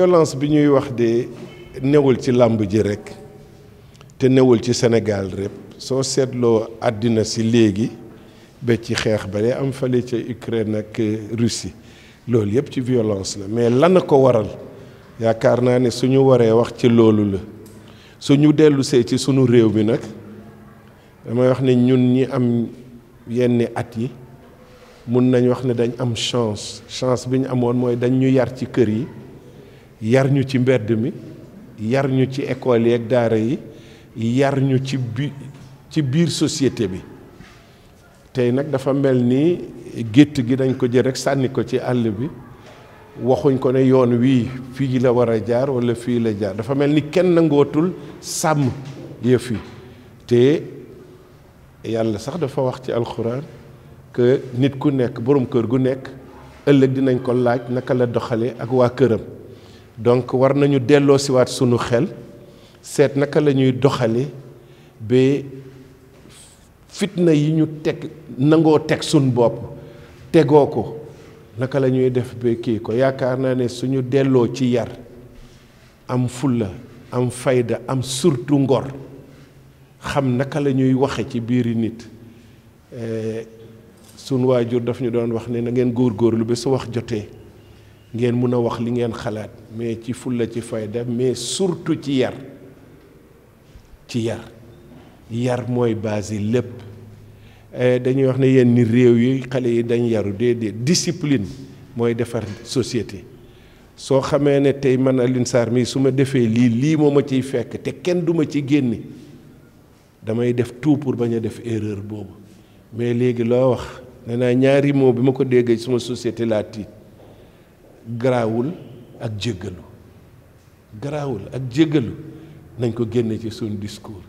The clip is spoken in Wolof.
violence bi ñuy wax de newul ci làmb ji rekk te newul ci Sénégal répp soo seetloo àddina si léegi ba ci xeex ba day am fale ca Ukraine ak Russie loolu yëpp ci violence la mais lan a ko waral yaakaar naa ne suñu waree wax ci loolu la suñu dellusee ci suñu réew bi nag damay wax ne ñun ñi am yenn at yi mun nañ wax ne dañ am chance chance bi ñu amoon mooy dañ ñu yar ci kër yi yar ñu ci mbedd mi yar ñu ci école yi ak daara yi yar ñu ci bi ci biir société bi tey nag dafa mel ni gétt gi dañ ko jël rek sànni ko ci àll bi waxuñ ko ne yoon wii fii la war a jaar walla fii la jaar dafa mel ni kenn nangootul sàmm yëf yi te yàlla sax dafa wax ci alxuraan que nit ku nekk boroom kër gu nekk ëllëg dinañ ko laaj naka la doxale ak waa këram donc war nañu delloo siwaat sunu xel seet naka la ñuy doxale ba fitna yi ñu teg nangoo teg sunu bopp tegoo ko naka la ñuy def ba kii ko yaakaar naa ne suñu delloo ci yar am fulla am fayda am surtout ngor xam naka la ñuy waxe ci biir biiri nit eh, sunu waajur dafa ñu doon wax ne na ngeen góorlu bi su wax jotee ngeen mun a wax li ngeen xalaat mais ci fulla ci fayda mais surtout ci yar ci yar yar mooy base yi lépp eh, dañuy wax ne yenn ni réew yi xale yi dañ yaru déedéet discipline mooy defar societé soo xamee ne tey man Alioune Sarr mii su ma defee lii lii moo ma ciy fekk te kenn duma ci génne damay def tout pour bañ a def erreur boobu mais léegi loo wax nee naa ñaari moo bi ma ko déggee suma société laa tiit garaawul ak jéggalu garawul ak jéggalu nañ ko génne ci suñu discours